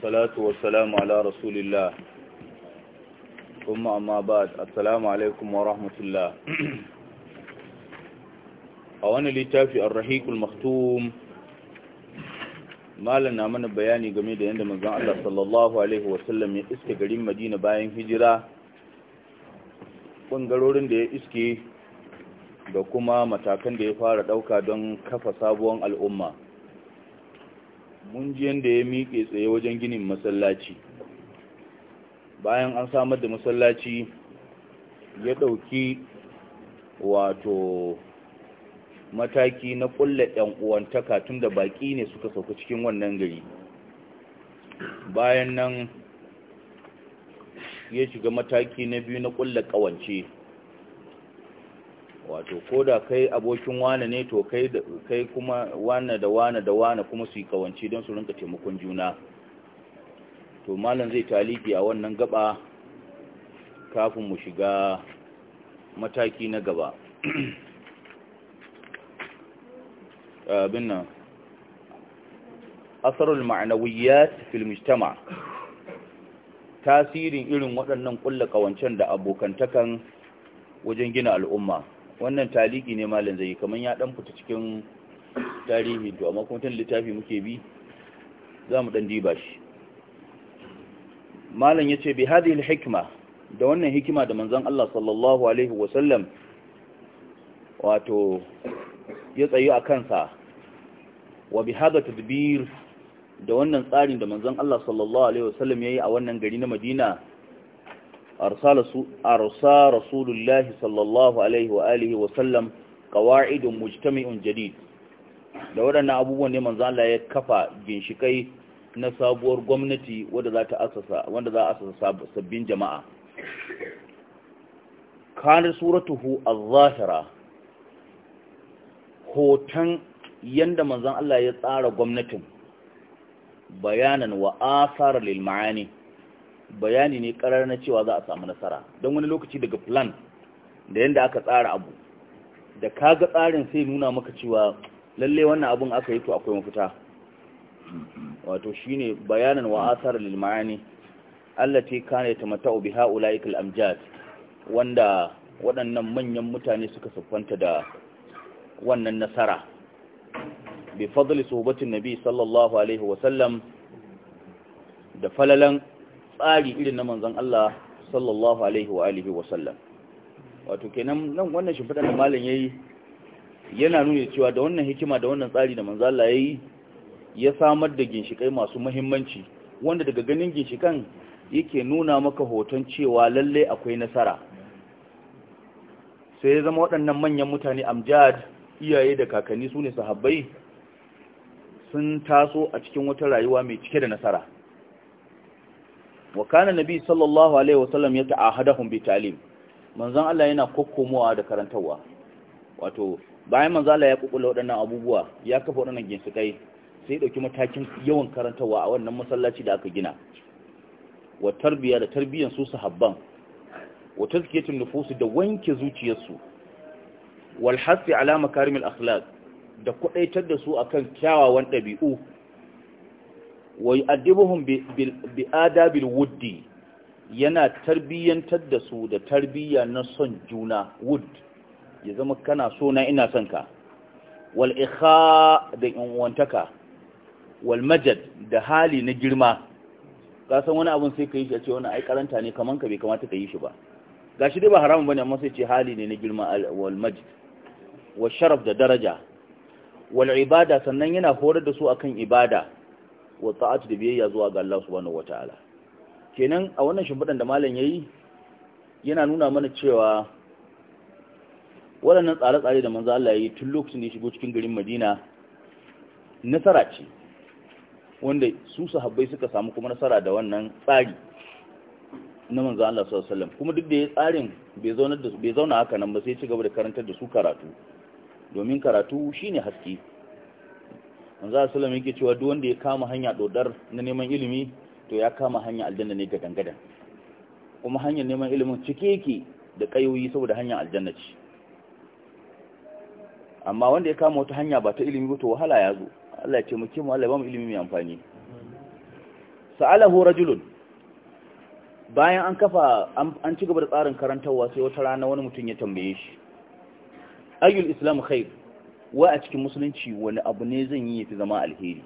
ala rasulillah, على رسول الله ثم alaikum wa السلام A wani littafi a لتافي الرحيق المختوم na mana bayani game da yadda manzon Allah sallallahu alaihi wasallam ya iske garin Madina bayan hijira kungarorin da ya iske da kuma matakan da ya fara ɗauka don kafa sabuwar al'umma mun ji yadda ya miƙe tsaye wajen ginin masallaci bayan an samar da masallaci ya ɗauki wato mataki na ƙulla ɗan uwantaka tun da baƙi ne suka sauka cikin wannan gari bayan nan ya shiga mataki na biyu na ƙulla ƙawance wato ko da kai abokin wane ne to kai kuma wane da wane da wane kuma su yi kawanci don su rinka taimakon juna to malam zai talibi a wannan gaba kafin mu shiga mataki na gaba abin nan asarul ma'anawiyyat fil mujtama tasirin irin waɗannan ƙulla ƙawancen da abokantakan wajen gina al'umma wannan taliki ne malin zai kamar ya dan fita cikin tarihi to amma kuma tun littafi muke bi za mu dan diba shi ya yace bi hadhihi alhikma da wannan hikima da manzon Allah sallallahu alaihi sallam wato ya tsayi a kansa wa bi hada tadbir da wannan tsarin da manzon Allah sallallahu alaihi sallam yayi a wannan gari na Madina أرسى رسول الله صلى الله عليه وآله وسلم قواعد مجتمع جديد da waɗannan abubuwan ne manzo Allah ya kafa ginshikai na sabuwar gwamnati wanda za ta asasa wanda za a asasa sabbin jama'a kana suratuhu az-zahira hoton yanda manzon Allah ya tsara gwamnatin bayanan wa asar lil ma'ani bayani ne karar na cewa za a samu nasara don wani lokaci daga plan da yadda aka tsara abu da ka ga tsarin sai nuna maka cewa lalle wannan abun aka yi to akwai mafita wato shi ne bayanan wa asar Allah maani ta ta yatamatta'u biha ha'ula ikil amjad wanda waɗannan manyan mutane suka siffanta da wannan nasara bi fadli suhbatin nabi sallallahu alaihi wa da falalan tsari irin na manzan Allah sallallahu alaihi wa alihi wa wato kenan nan wannan shimfidan da malam yi yana nuna cewa da wannan hikima da wannan tsari da manzan Allah yi ya samar da ginshiƙai masu muhimmanci wanda daga ganin ginshikan yake nuna maka hoton cewa lallai akwai nasara sai ya zama waɗannan manyan mutane amjad iyaye da kakanni su ne sahabbai sun taso a cikin wata rayuwa mai cike da nasara wa kana nabi sallallahu alaihi wasallam ya ta'ahadahum bi ta'lim manzon Allah yana kokkomowa da karantawa wato bayan manzon Allah ya kukula waɗannan abubuwa ya kafa waɗannan ginsukai sai dauki matakin yawan karantawa a wannan masallaci da aka gina wa tarbiya da tarbiyan su sahabban wa tazkiyatun nufusu da wanke zuciyarsu wal hasi ala makarimil akhlaq da kudaitar da su akan kyawawan dabi'u wa yu'addibuhum bi adabil wuddi yana tarbiyyantar da su da tarbiyya na son juna wood ya zama kana so na ina son ka wal da inwantaka wal majad da hali na girma ka san wani abun sai ka yi shi a ce wani ai karanta ne kaman ka bai kamata ka yi shi ba gashi dai ba haramun bane amma sai ce hali ne na girma wal majd wal sharaf da daraja wal ibada sannan yana horar da su akan ibada wa ta'atu da biyayya zuwa ga Allah subhanahu wataala kenan a wannan shimfidan da malam yayi yana nuna mana cewa waɗannan tsare-tsare da manzo Allah yayi tun lokacin da ya shigo cikin garin Madina nasara ce wanda su sahabbai suka samu kuma nasara da wannan tsari na manzo Allah sallallahu alaihi kuma duk da ya tsarin bai zauna da bai zauna haka nan ba sai ya ci gaba da karantar da su karatu domin karatu shine haske manzo sallallahu alaihi yake cewa duk wanda ya kama hanya dodar na neman ilimi to ya kama hanya aljanna ne ga kuma hanyar neman ilimin cike yake da kayoyi saboda hanya aljanna ce amma wanda ya kama wata hanya ba ta ilimi ba to wahala ya zo Allah ya ce mu kima Allah ya ba mu ilimi mai amfani sa'alahu rajulun bayan an kafa an ci gaba da tsarin karantarwa sai wata rana wani mutum ya tambaye shi ayyul islam khair wa a cikin musulunci wani abu ne zan yi fi zama alheri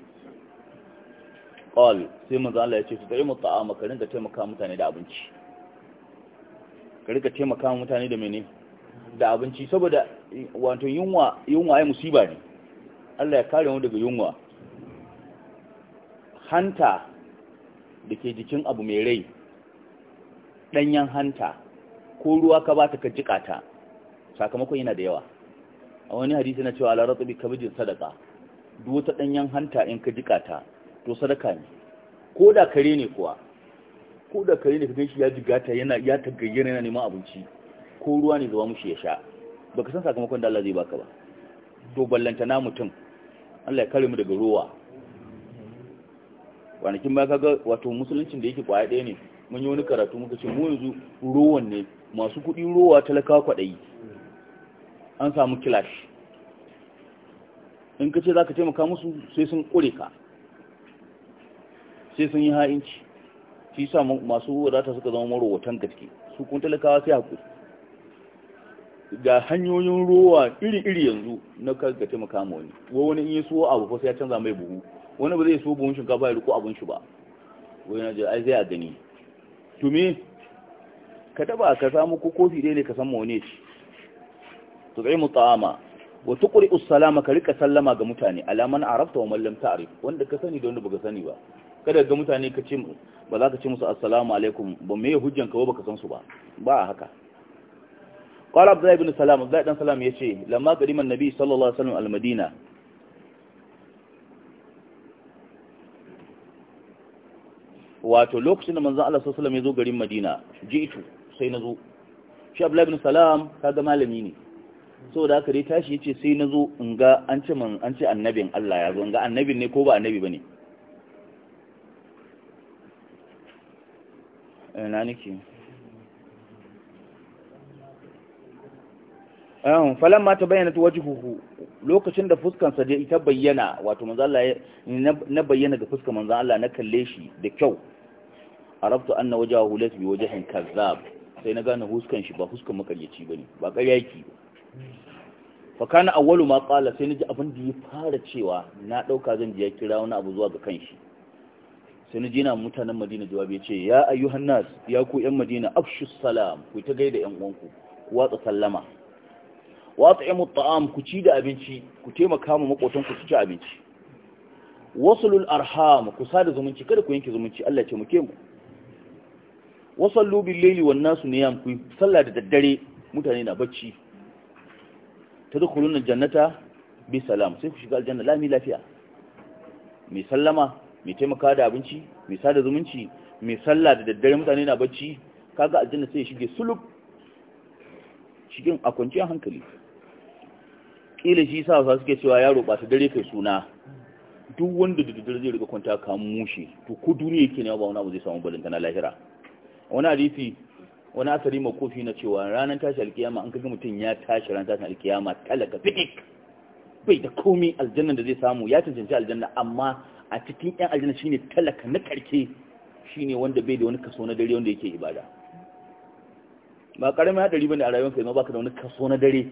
qal sai manzo Allah ya ce su ta'imu ta'ama ka rinka taimaka mutane da abinci ka rinka taimaka mutane da mene da abinci saboda wato yunwa yunwa ai musiba ne Allah ya kare mu daga yunwa hanta da ke jikin abu mai rai ɗanyen hanta ko ruwa ka ba ta ka jiƙa ta sakamakon yana da yawa a wani hadisi na cewa ala ratbi kamijin sadaka duk wata ɗanyen hanta in ka jika ta to sadaka ne ko da kare ne kuwa ko da kare ne ka shi ya jigata yana ya tagayyana yana neman abinci ko ruwa ne zuwa mushi ya sha baka san sakamakon da Allah zai baka ba to ballanta na mutum Allah ya kare mu daga ruwa kwanakin ba ga wato musuluncin da yake kwaya ɗaya ne mun yi wani karatu muka ce mu yanzu ruwan ne masu kuɗi ruwa talakawa kwaɗayi an samu kilash in ka ce za ka taimaka musu sai sun ƙure ka sai sun yi ha'inci shi sa masu wadata suka zama marowatan gaske su kun talakawa sai haƙuri ga hanyoyin ruwa iri-iri yanzu na ka taimaka ma wani wani in yi so abu fa sai ya canza mai buhu wani ba zai so buhun shinkafa ya riko abun shi ba wani na jira ai zai a gani to me ka taba ka samu ko kofi ɗaya ne ka san ma wani ci tu'imu ta'ama wa tuqri'u salama ka rika sallama ga mutane alaman arabta wa mallam lam ta'rif wanda ka sani da wanda baka sani ba kada ga mutane ka ce ba za ka ce musu assalamu alaikum ba me hujjan ka ba baka san su ba ba haka qala abdullah ibn salam abdullah dan salam yace lamma qadima annabi sallallahu alaihi wasallam al-madina wato lokacin da manzon Allah sallallahu alaihi wasallam ya zo garin Madina ji'tu sai na nazo shi abdullah ibn salam kaga malami ne so da haka dai tashi yace sai nazo in ga an ce man an ce annabin Allah ya zo in ga annabin ne ko ba annabi bane ina nake Ahun falan ma ta bayyana wajhuhu lokacin da fuskansa da ita bayyana wato manzala na bayyana ga fuskan manzo Allah na kalle shi da kyau a an na waje wajahu laysa bi wajhin kazzab sai na gane huskan shi ba huskan makaryaci ne ba ƙarya yake ba fakana awwalu ma qala sai naji abin da ya fara cewa na dauka zan je ya kira wani abu zuwa ga kanshi sai naji na mutanen Madina jawabi ce- ya ayyuhan nas ya ku yan Madina afshu salam ku ta gaida yan uwanku ku watsa sallama wat'imu ta'am ku ci da abinci ku taimaka ma makotan ku su ci abinci wasulul arham ku sada zumunci kada ku yanke zumunci Allah ya ce muke mu wasallu bil layli wan nasu niyam ku sallah da daddare mutane na bacci tadkhuluna jannata bi salam sai ku shiga aljanna lami lafiya mai sallama mai taimaka da abinci mai sada zumunci mai sallah da daddare mutane na bacci kaga aljanna sai ya shige sulub cikin a kwanciyar hankali kila shi sa wasu suke cewa yaro ba ta dare kai suna duk wanda da daddare zai riga kwanta ka mushe to ko duniya yake ne ba wani abu zai samu balantana lahira wani hadisi wani asari makofi na cewa ranar tashi alkiyama an kaga mutum ya tashi ranar tashi alkiyama talaka fitik bai da komi aljanna da zai samu ya cancanci aljanna amma a cikin yan aljanna shine talaka na karke shine wanda bai da wani kaso na dare wanda yake ibada ba karamin hadari bane a rayuwarka ma baka da wani kaso na dare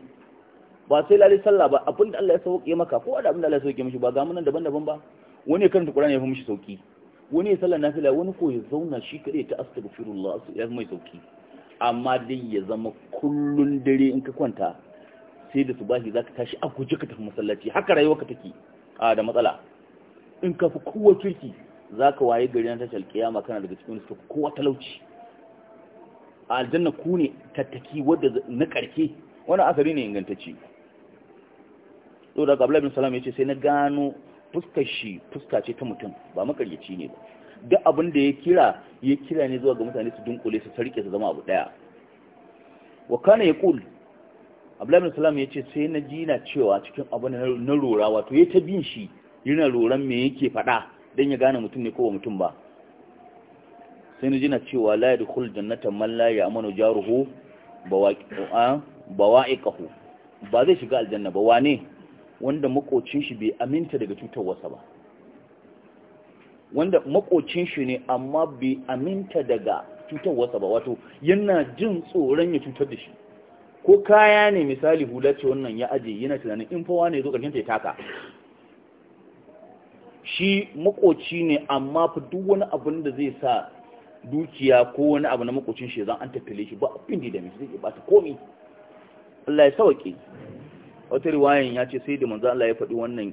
ba sai lalle sallah ba abin da Allah ya sauke maka ko da abin da Allah ya sauke mishi ba ga mun daban-daban ba wani ya karanta Qur'ani ya fi mishi sauki wani ya sallah nafila wani ko ya zauna shi kade ta astaghfirullah ya mai sauki amma dai ya zama kullun dare in ka kwanta sai da su bashi za ka tashi a guji ka tafi masallaci haka rayuwa ka take a da matsala in ka fi kowa kirki ka waye gari na tashar kiyama kana daga cikin suka kowa talauci a aljanna ku ne tattaki wadda na karke wani asari ne ingantacce so da kabla bin salam ce sai na gano fuskar shi fuska ce ta mutum ba makaryaci ne ba duk abin da ya kira ya kira ne zuwa ga mutane su dunkule su sarke su zama abu daya wa kana yaqul Abdullahi Salam yace sai na ji na cewa cikin abin na rora wato ya ta bin shi yana roran me yake fada dan ya gane mutum ne ko ba mutum ba sai na ji na cewa la yadkhul jannata man la ya'manu jaruhu bawaqi'a bawa'iqahu ba zai shiga aljanna ba wane wanda makocin shi bai aminta daga cutar wasa ba wanda makocin shi ne amma bai aminta daga cutarwarsa ba wato yana jin tsoron ya cutar da shi ko kaya ne misali hula ce wannan ya aje yana tunanin in fawa ne zo ƙarshen ta ya taka shi makoci ne amma fa duk wani abin da zai sa dukiya ko wani abu na makocin shi zan an tafile shi ba abin da mai zai ba ta komi Allah ya sauke wata riwayan ya ce sai da manzo Allah ya faɗi wannan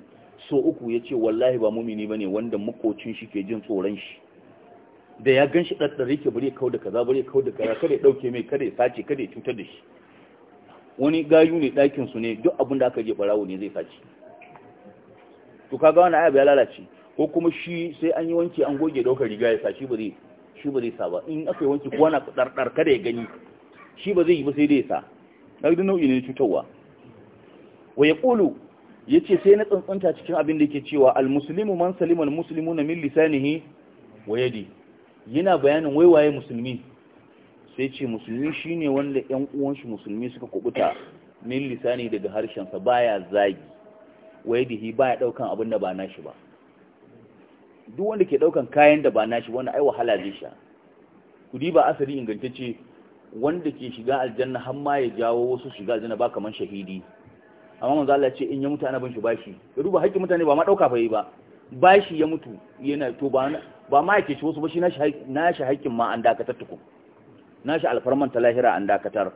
so uku ya ce wallahi ba mumini ba ne wanda makocin shi ke jin tsoron shi da ya gan shi ɗaɗɗare ke bari kawo da kaza bari kawo da kaza kada ya ɗauke mai kada ya sace kada ya cutar da shi wani gayu ne ɗakinsu ne duk abin da aka je ɓarawo ne zai sace to kaga wani ayab ya lalace ko kuma shi sai an yi wanki an goge ɗaukar riga ya sa shi ba zai shi ba zai sa ba in aka yi wanki ko na ɗarɗar kada ya gani shi ba zai yi ba sai dai ya sa na duk nau'i ne cutarwa wa ya ƙulu yace sai na tsuntsunta cikin abin da yake cewa al-muslimu man salima al-muslimuna min lisanihi wa yadi yana bayanin waiwaye musulmi sai ce musulmi shine wanda 'yan uwan shi musulmi suka kubuta min lisani daga harshen sa baya zagi wa ba baya daukan abin da ba nashi ba duk wanda ke daukan kayan da ba nashi wanda ai wahala zai sha kudi ba asali ingantacce wanda ke shiga aljanna har ma ya jawo wasu shiga aljanna ba kamar shahidi amma manzo Allah ce in ya mutu ana bin shi bashi ya duba haƙƙin mutane ba ma dauka fa yi ba bashi ya mutu yana to ba ba ma yake shi wasu ba shi na shi haƙƙin ma an dakatar tuku na shi alfarman ta lahira an dakatar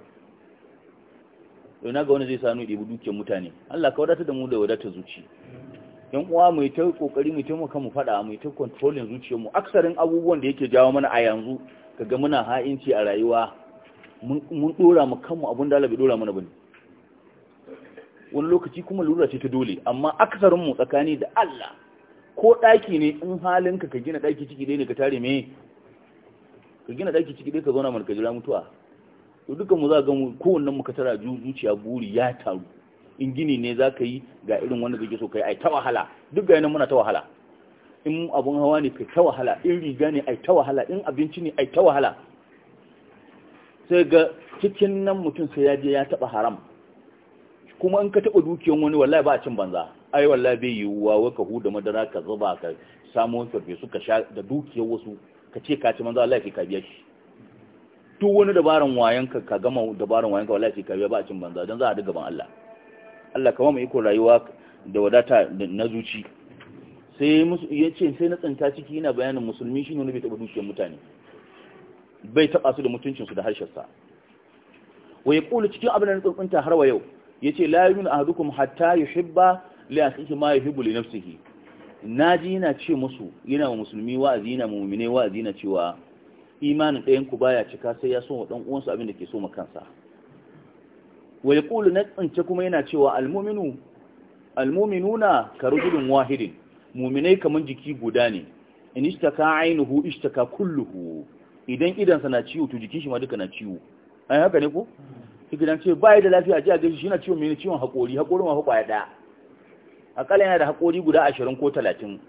to na ga wani zai sanu ɗebi dukiyar mutane Allah ka wadatar da mu da wadatar zuci yan uwa mu ta kokari mu taimaka mu fada mu ta controlling zuciyar mu aksarin abubuwan da yake jawo mana a yanzu kaga muna ha'inci a rayuwa mun dora mu kanmu abun da Allah bai dora mana bane wani lokaci kuma lura ce ta dole amma aksarin mu tsakani da Allah ko ɗaki ne in halinka ka gina daki ciki dai ne ka tare me ka gina daki ciki dai ka zauna mana ka jira mutuwa to dukan mu za ga mu ko mu ka tara zuciya buri ya taru in gini ne za ka yi ga irin wanda kake so kai? ai ta wahala duk ga nan muna ta wahala in abun hawa ne kai ta wahala in riga ne ai ta wahala in abinci ne ai ta wahala sai ga cikin nan mutum sai ya je ya taba haram kuma in ka taɓa dukiyan wani wallahi ba a cin banza ai wallahi bai yiwuwa waka ka huda madara ka zuba ka samu wani farfesu ka sha da dukiyar wasu ka ce ka ci banza wallahi sai ka biya shi duk wani dabarun wayan ka ka gama dabarun wayan ka wallahi sai ka biya ba a cin banza dan za a daga ban Allah Allah kama mu iko rayuwa da wadata na zuci sai ya ce sai na tsinta ciki yana bayanin musulmi shi ne wani bai taɓa dukiyar mutane bai taɓa su da mutuncinsu da harshensa wai kula cikin abin da na tsuntsunta har wa yau yace la yu'minu ahadukum hatta yuhibba li akhihi ma hibu li nafsihi ji yana ce musu yana wa musulmi wa'azi yana mu'mine wa'azi yana cewa imanin ɗayanku baya cika sai ya so wa ɗan uwansa abin da ke so ma kansa ƙulu na tsince kuma yana cewa almominu na karu gudun wahidin mu'minai kamar jiki guda ne in ka ainihu ainuhu ka kulluhu idan idansa na ciwo to jikin shi ma duka na ciwo ai haka ne ko gidan ce bai da lafiya ji a gaji shi na ciwon mini ciwon haƙori haƙorin wafi ƙwaya ɗaya akalla yana da haƙori guda ashirin ko talatin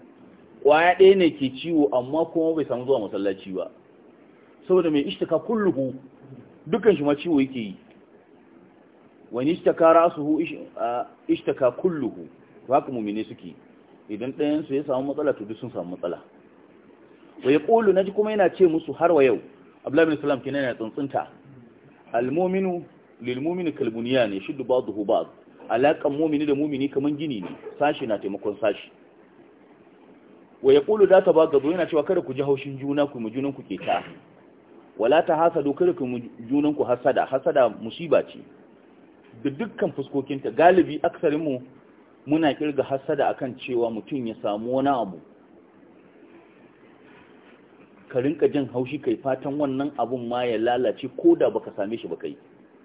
ƙwaya ɗaya ne ke ciwo amma kuma bai samu zuwa masallaci ba saboda mai ishtaka kulluhu dukkan shi ma ciwo yake yi wani ishtaka hu ishtaka kulluhu haka mumine suke idan ɗayan su ya samu matsala to duk sun samu matsala wa na ji kuma yana ce musu har wa yau abdullahi bin salam kenan yana tsuntsunta al-mu'minu lil mu'mini ne bunyan yashuddu ba'dahu ba'd alaqan mu'mini da mu'mini kaman gini ne sashi na taimakon sashi wa Kulu za ta gaba yana cewa kada ku ji haushin juna ku mu junan ku ke ta wala ta hasadu kada ku mu junan ku hasada hasada musiba ce da dukkan fuskokinta galibi aksarin mu muna kirga hasada akan cewa mutum ya samu wani abu ka rinka jin haushi kai fatan wannan abun ma ya lalace ko da baka same shi ba kai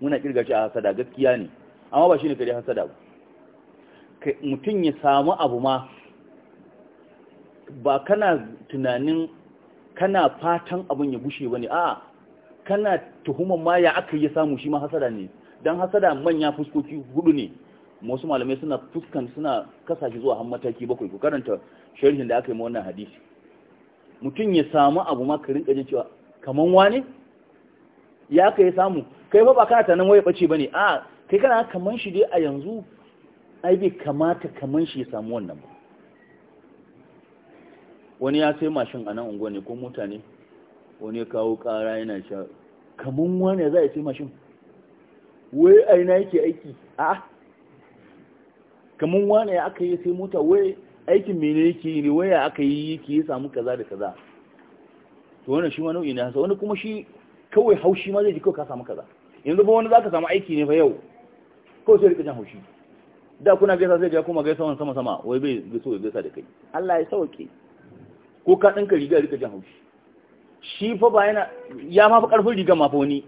muna kirga shi a hasada gaskiya ne amma ba shi ne kare hasada ba mutum ya samu abu ma ba kana tunanin kana fatan abin ya gushe bane a'a kana tuhuman ma ya aka yi samu shi ma hasada ne dan hasada manya fuskoki hudu ne wasu malamai suna fuskan suna kasa shi zuwa har mataki bakwai ku karanta sharhin da aka yi ma wannan hadisi mutum ya samu abu ma ka rinka cewa kaman wane ya aka yi samu kai ba ba kana nan waye bace bane a kai kana kaman shi dai a yanzu ai bai kamata kaman shi ya samu wannan ba wani ya sai mashin a nan unguwa ne ko mota ne wani ya kawo kara yana sha kaman wani za ya sai mashin wai a ina yake aiki a kaman wani ya aka yi sai mota wai aikin mene yake yi ne waya aka yi yake ya samu kaza da kaza to wannan shi wani nau'i ne hasa wani kuma shi kawai haushi ma zai ji kawai ka samu kaza yanzu ba wani za ka samu aiki ne fa yau kawai sai rikicin jan haushi da kuna gaisa sai ga kuma gaisa wani sama sama wai bai gaisa ya gaisa da kai Allah ya sauke ko ka ɗinka riga rika jan haushi shi fa ba yana ya mafi ƙarfin riga ma fa wani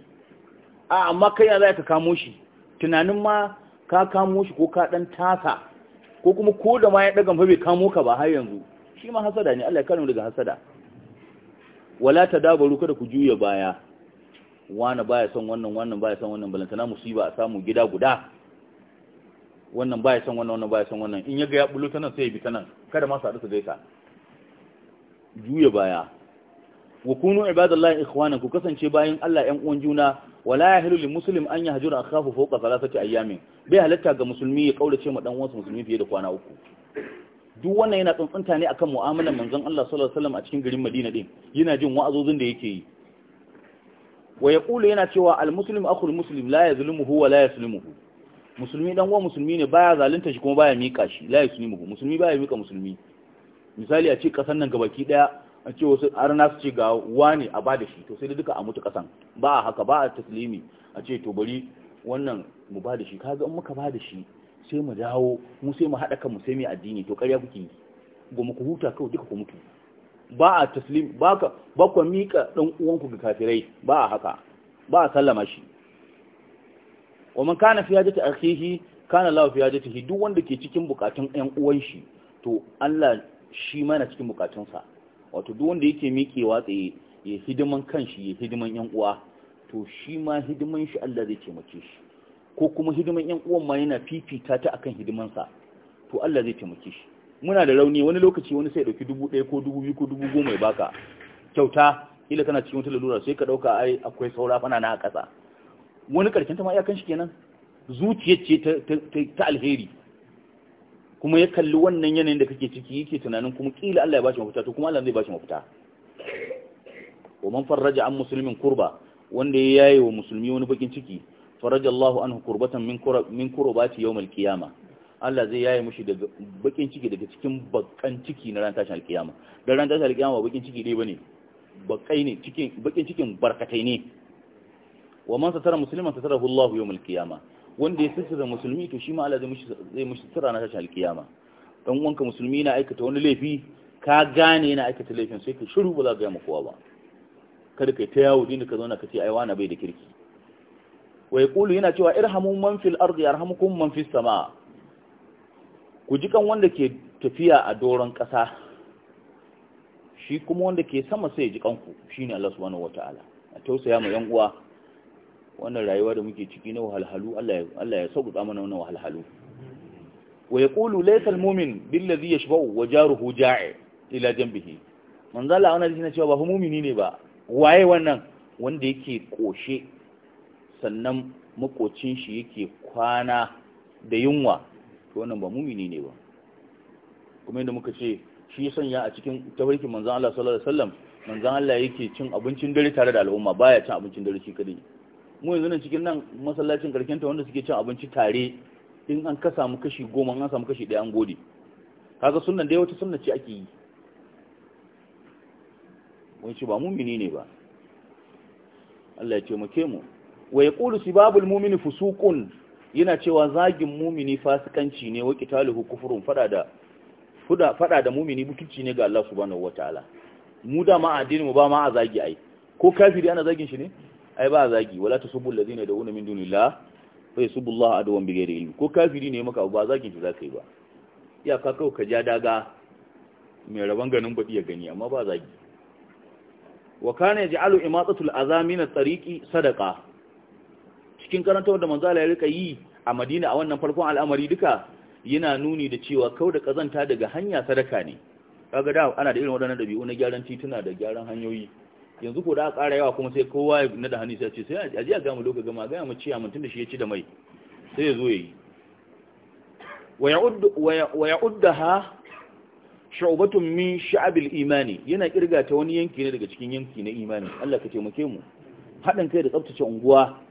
a amma kai ya za ka kamo shi tunanin ma ka kamo shi ko ka ɗan tasa ko kuma ko da ma ya ɗaga fa bai kamo ka ba har yanzu shi ma hasada ne Allah ya kare mu daga hasada wala dabaru kada ku juya baya ba ya son wannan wannan ba ya son wannan balantana musiba a samu gida guda wannan ba ya son wannan wannan ba ya son wannan in ya ga ya bulo ta nan sai ya bi ta nan kada ma su haɗu su gaisa juya baya wa kunu ibadallahi ikhwana ku kasance bayin Allah ƴan uwan juna wala yahilu lil muslim an yahjura akhahu fawqa thalathati ayyamin bai halatta ga musulmi ya kaurace ma dan uwansa musulmi fiye da kwana uku duk wannan yana tsuntsunta ne akan mu'amalar manzon Allah sallallahu alaihi wasallam a cikin garin Madina din yana jin wa'azozin da yake yi wa kula yana cewa al-muslim akhul muslim la yazlumuhu wa la yaslimuhu musulmi dan uwa musulmi ne baya zalunta shi kuma baya mika shi la yaslimuhu musulmi baya mika musulmi misali a ce kasan nan gabaki daya a ce wasu na su ce ga wani a bada shi to sai da duka a mutu kasan ba a haka ba a taslimi a ce to bari wannan mu bada shi kaga in muka bada shi sai mu dawo mu sai mu hada kanmu sai mu addini to ƙarya kuke goma ku huta kawai duka ku mutu ba a taslim ba ka ba ku mika dan uwanku ga kafirai ba a haka ba a sallama shi wa man kana fi hajati akhihi kana lahu fi ta duk wanda ke cikin bukatun ɗan uwan shi to Allah shi mana cikin bukatunsa wato duk wanda yake mikewa tsaye ya hidiman kanshi ya hidiman yan uwa to shi ma hidiman shi Allah zai taimake shi ko kuma hidiman yan uwan ma yana fifita ta akan hidimansa to Allah zai taimake shi muna da rauni wani lokaci wani sai dauki dubu ɗaya ko dubu biyu ko dubu goma ya baka kyauta ila kana cikin wata lalura sai ka dauka ai akwai saura fana na ƙasa wani karshen ta ma iyakan shi kenan zuciyar ce ta alheri kuma ya kalli wannan yanayin da kake ciki yake tunanin kuma kila Allah ya bashi mafita to kuma Allah zai bashi mafita wa man farraja an musulmin kurba wanda ya yaye wa musulmi wani bakin ciki faraja Allahu anhu kurbatan min kurab min kurbati qiyamah Allah zai yaye mushi daga bakin ciki daga cikin bakan ciki na ran tashin alkiyama dan ran tashin alkiyama bakin ciki dai bane bakai ne cikin bakin cikin barkatai ne wa man satara musliman satarahu Allah yawmal qiyama wanda ya sitira musulmi to shi ma Allah zai mushi zai mushi sitira na tashin alkiyama dan uwanka musulmi na aikata wani laifi ka gane yana aikata laifin sai ka shiru ba za ka ga kowa ba kada kai ta yawo dinda ka zauna ka ce ai wani bai da kirki wa yaqulu yana cewa irhamu man fil ardi yarhamukum man fis samaa ku ji kan wanda ke tafiya a doron ƙasa shi kuma wanda ke sama sai ji kanku ne Allah subhanahu ta'ala. a tausaya ma yan uwa wannan rayuwa da muke ciki na wahalhalu Allah Allah ya sauƙa mana wannan wahalhalu wa yaqulu laysa almu'min ladhi yashba'u wa jaruhu ja'i ila janbihi zalla wannan shine cewa ba mu'mini ne ba waye wannan wanda yake koshe sannan makocin shi yake kwana da yunwa to wannan ba mumini ne ba kuma yadda muka ce shi sanya a cikin tafarkin manzan Allah sallallahu alaihi wasallam manzan Allah yake cin abincin dare tare da al'umma baya cin abincin dare shi kadai mu yanzu nan cikin nan masallacin karkin ta wanda suke cin abinci tare in an ka samu kashi goma an samu kashi ɗaya an gode kaga sunan dai wata sunna ce ake yi wani ce ba mumini ne ba Allah ya ce mu ke mu wa yaqulu sibabul mu'mini fusuqun yana cewa zagin mumini fasikanci ne waki talihu kufurin fada da fuda fada da mumini mutunci ne ga Allah subhanahu wataala mu da ma addini mu ba ma a zagi ai ko kafiri ana zagin shi ne ai ba a zagi wala tasubbu ladina da'una min dunillah fa yasubullah Allah adwan bighairi ilmi ko kafiri ne maka ba zagin shi zakai ba ya ka kawo ka ja daga mai rabon ganin ba ya gani amma ba zagi wa kana yaj'alu imatatul azamin at-tariqi sadaqa cikin karanta da manzo ya rika yi a Madina a wannan farkon al'amari duka yana nuni da cewa kau da kazanta daga hanya sadaka ne kaga da ana da irin waɗannan dabi'u na gyaran tituna da gyaran hanyoyi yanzu ko da ƙara yawa kuma sai kowa ya nada hannu sai ce sai a ji a gamu loka gama ga mu ciya mun tunda shi ya ci da mai sai ya zo yayi wa ya wa shu'batun min sha'abil imani yana kirga ta wani yanki ne daga cikin yanki na imani Allah ka taimake mu haɗin kai da tsaftace unguwa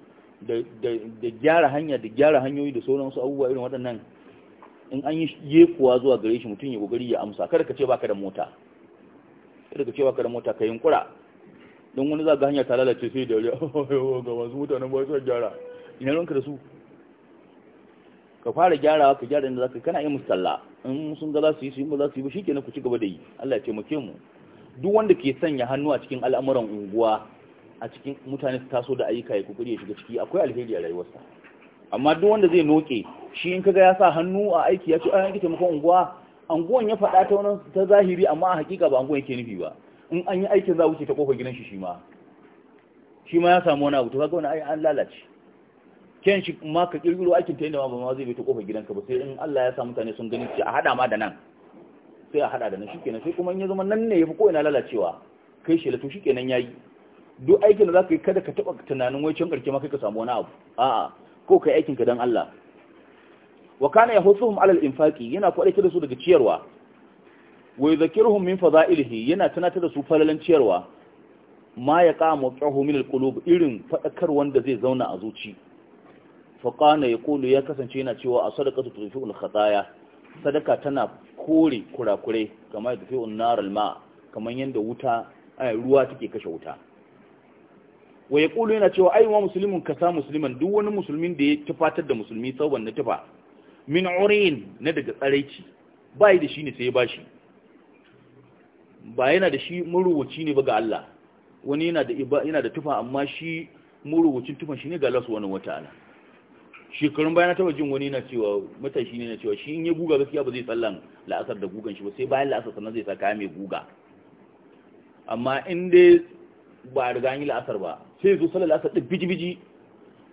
da gyara hanya da gyara hanyoyi da sauransu abubuwa irin waɗannan in an yi yekuwa zuwa gare shi mutum ya gogari ya amsa kada ka ce baka da mota kada ka ce baka da mota ka yunkura don wani za ga hanya ta lalace sai da ga masu mutanen ba su gyara ina ranka da su ka fara gyarawa ka gyara inda za ka kana yi musalla in sun ga za su yi su yi ba za su yi ba shi kenan ku ci gaba da yi Allah ya taimake mu duk wanda ke sanya hannu a cikin al'amuran unguwa a cikin mutane su taso da ayyuka ya kukuri ya shiga ciki akwai alheri a rayuwarsa amma duk wanda zai noke shi in kaga ya sa hannu a aiki ya ce an yanke taimakon unguwa anguwan ya faɗa ta wannan ta zahiri amma a hakika ba anguwan yake nufi ba in an yi aikin za wuce ta kofar gidan shi shi ma shi ma ya samu wani abu to kaga wani ai an lalace ken shi ma ka kirkiro aikin ta inda ma ba ma zai bi ta kofar gidanka ba sai in Allah ya sa mutane sun gani ce a hada ma da nan sai a hada da nan shikenan sai kuma in ya zama nan ne yafi ko ina lalacewa kai shi la to shikenan yayi duk aikin da za ka yi kada ka taɓa tunanin wai can ƙarshe ma kai ka samu wani abu a'a ko ka yi aikinka don Allah wa kana yahusuhum alal infaki yana kwaɗaita da su daga ciyarwa wa yuzakkiruhum min fada'ilihi yana tunatar da su falalan ciyarwa ma ya qamu qahu min alqulub irin faɗakar wanda zai zauna a zuci fa kana kulu ya kasance yana cewa as-sadaqatu tudfi'ul khataaya sadaka tana kore kurakure kamar tudfi'un nar ma kamar yanda wuta eh, ruwa take kashe wuta wa ya ƙulu yana cewa aiwa musulmin ka sa musulman duk wani musulmin da ya tufatar da musulmi tsawon na tufa min urin na daga tsaraici ba yi da shi ne sai ba shi ba yana da shi muruwaci ne ba ga Allah wani yana da tufa amma shi muruwacin tufan shi ne ga lasu wani wata ana shekarun bayan taɓa jin wani na cewa matashi ne na cewa shi in yi guga gaskiya ba zai sallan la'asar da gugan shi ba sai bayan la'asar sannan zai sa kaya mai guga amma in dai ba da an yi la'asar ba sai zo sallar la'asar ɗin biji-biji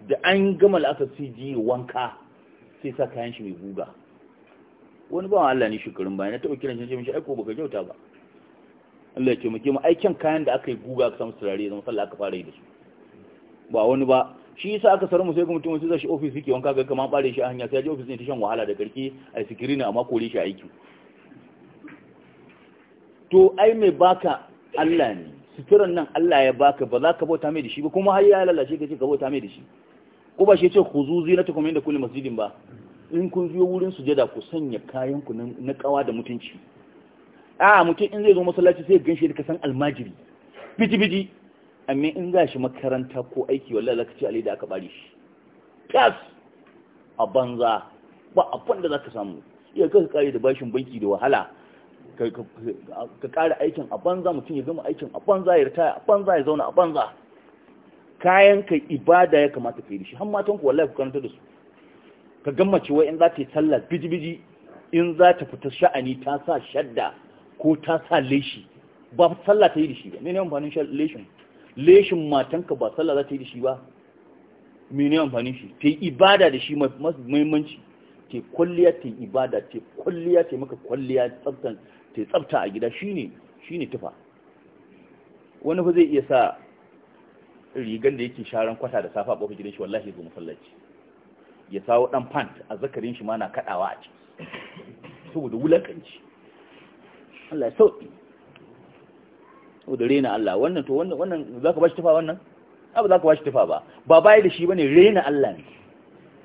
da an gama la'asar sai ji wanka sai sa kayan shi mai guga wani ba Allah ne shekarun bayan na taɓa kiran shi mishi aiko ka kyauta ba Allah ya ce muke mu aikin kayan da aka yi guga aka samu turare zama sallah aka fara yi da su ba wani ba shi yasa aka sarar mu sai ga mutum sai shi ofis yake wanka ga kamar bare shi a hanya sai ya je ofis ne ta shan wahala da karki a sikirina amma kore shi aiki to ai mai baka Allah ne suturan nan Allah ya baka ba za ka bauta mai da shi ba kuma har ya lalace ka ce ka bauta mai da shi ko ba shi ya ce ku zu na takwami da kullum masjidin ba in kun zo wurin sujada ku sanya kayan ku na kawa da mutunci a mutum in zai zo masallaci sai ganshi da kasan almajiri biji biji amma in za shi makaranta ko aiki wallahi zaka ce alai da aka bari shi kas a banza ba abin da zaka samu iya ka kare da bashin banki da wahala ka ƙara aikin a banza mutum ya gama aikin a banza ya ritaya a banza ya zauna a banza kayan ka ibada ya kamata ka yi shi har matan ku wallahi ku karanta da su ka gammace wai in za ta yi sallah biji-biji in za ta fita sha'ani ta sa shadda ko ta sa leshi ba sallah ta yi da shi ba mene amfanin leshin leshin matanka ba sallah za ta yi da shi ba mene amfanin shi ta yi ibada da shi masu muhimmanci ta yi kwalliya ta yi ibada ta kwalliya ta maka kwalliya tsaftan ta tsafta a gida shine shine tufa wani ku zai iya sa rigan da yake sharan kwata da safa a kofar gidan shi wallahi zo musallaci ya sawo dan pant a zakarin shi ma na kadawa a ci saboda wulakanci Allah ya sauki saboda rena Allah wannan to wannan wannan ba bashi tufa wannan abu ba bashi tufa ba ba bai da shi bane rena Allah ne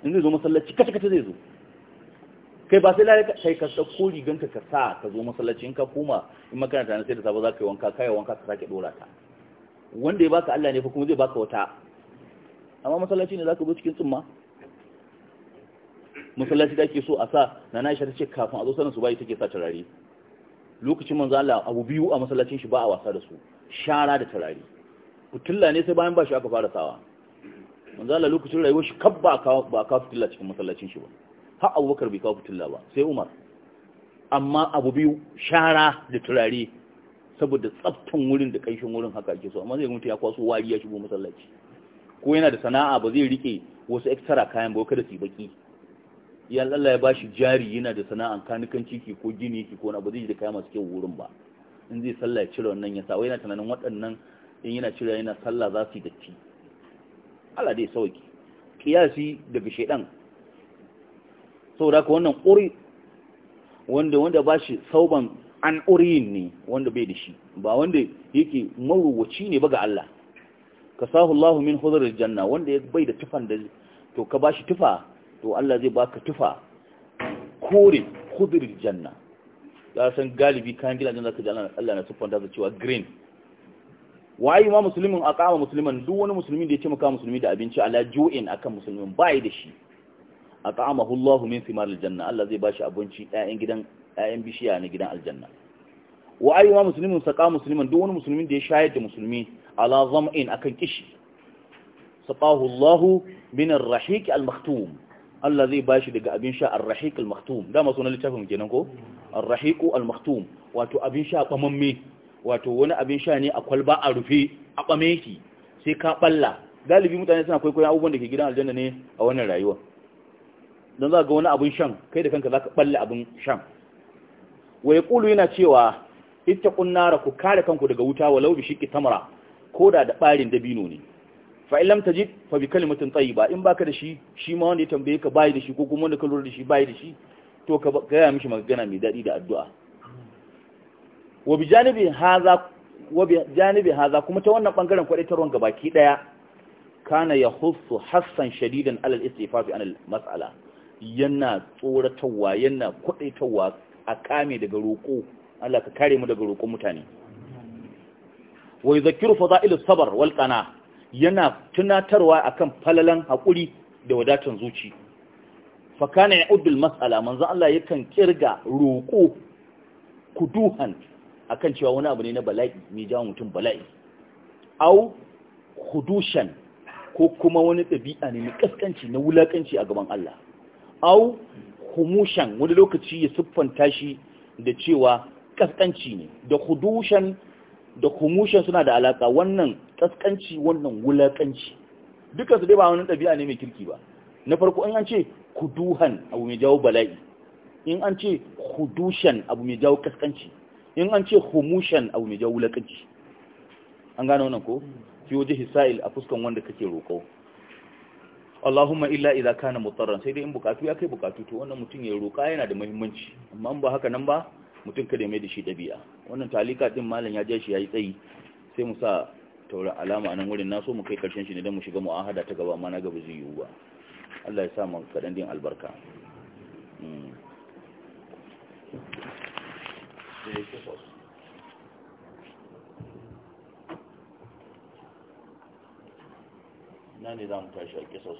in zai zo musallaci kace kace zai zo kai ba sai lalaka kai ka dauko rigan ka sa ka zo masallacin ka koma in makaranta na sai da sabo za ka yi wanka kai wanka ka sake dora ta wanda ya baka Allah ne fa kuma zai baka wata amma masallaci ne za ka zo cikin tsumma masallaci da ake so a sa na Aisha ta ce kafin a zo sanin su bai take sa turare lokacin manzo Allah abu biyu a masallacin shi ba a wasa da su shara da turare fitilla ne sai bayan ba shi aka fara sawa manzo Allah lokacin rayuwar shi kabba ba ka fitilla cikin masallacin shi ba har abubakar bai kawo fitilla ba sai umar amma abu biyu shara da turare saboda tsaftan wurin da kanshin wurin haka ake so amma zai mutu ya kwaso wari ya shigo masallaci ko yana da sana'a ba zai rike wasu extra kayan ba kada su baki ya Allah ya bashi jari yana da sana'an kanukan ciki ko gini ki ko na ba zai da kayan masu kyau wurin ba in zai sallah ya cire wannan ya sa yana tunanin waɗannan in yana cire yana sallah za su yi datti Allah dai sauki kiyasi daga shedan saboda ka wannan ƙuri wanda wanda ba shi sauban an ƙuriyin ne wanda bai da shi ba wanda yake maruwaci ne ba ga Allah ka sahu Allah min huzurar janna wanda ya bai da tufan da to ka ba shi tufa to Allah zai ba ka tufa kore huzurar janna ya san galibi kayan gidajen zaka ji Allah na tufan da cewa green wayi ma musulmin a kama musulmin, duk wani musulmi da ya ce maka musulmi da abinci ala ju'in akan musulmin bai da shi a at'amahu Allah min thimar aljanna Allah zai bashi abinci ɗayan gidan ƴaƴan bishiya na gidan aljanna wa ayyuma muslimin saqa musliman duk wani musulmin da ya shayar da musulmi ala zam'in akan kishi saqahu Allah min ar-rahiq al-makhtum Allah zai bashi daga abin sha ar-rahiq al-makhtum dama sunan littafin kenan ko ar-rahiq al-makhtum wato abin sha bamamme wato wani abin sha ne a kwalba a rufe a bame shi sai ka balla galibi mutane suna kwaikwayon abubuwan da ke gidan aljanna ne a wannan rayuwa don za ga wani abin shan kai da kanka za ka balle abin shan wai kulu yana cewa ita kunnara ku kare kanku daga wuta walau bi shiki tamara ko da da dabino ne fa illam tajid fa bi kalimatin tayyiba in baka da shi shi ma wanda ya tambaye ka bai da shi ko kuma wanda ka lura da shi bai da shi to ka gaya mishi magana mai daɗi da addu'a wa bi janibi haza wa bi janibi haza kuma ta wannan bangaren kwadaitarwan gabaki daya kana ya husu hassan shadidan alal istifafi anil mas'ala yana tsoratarwa yana kwadaitarwa a kame daga roƙo Allah ka kare mu daga roƙon mutane wai zakiru fada'ilus sabar wal yana tunatarwa akan falalan haƙuri da wadatan zuci fa kana ya'udul mas'ala manzo Allah yakan kirga roƙo kuduhan akan cewa wani abu ne na bala'i mai jawo mutum bala'i au kudushan ko kuma wani ɗabi'a ne na kaskanci na wulaƙanci a gaban Allah au humushan wani lokaci ya siffanta shi da cewa kaskanci ne da hudushan da humushan suna da alaka wannan kaskanci wannan wulakanci dukkan su dai ba wani ɗabi'a ne mai kirki ba na farko in an ce kuduhan abu mai jawo bala'i in an ce hudushan abu mai jawo kaskanci in an ce humushan abu mai jawo wulakanci an gano wannan ko fi waje hisa'il a fuskan wanda kake roƙo Allahumma illa idza kana mutarran sai dai in bukatu ya kai bukatu to wannan mutum ya roka yana da muhimmanci amma ba haka nan ba mutum kada mai da shi dabi'a wannan talika din malam ya je shi yayi tsayi sai mu sa taura alama nan wurin na so mu kai karshen shi ne dan mu shiga mu'ahada ta gaba amma na gaba zai yi ba Allah ya sa mu kadan din albarka mm. ina ne za mu tashi a kisos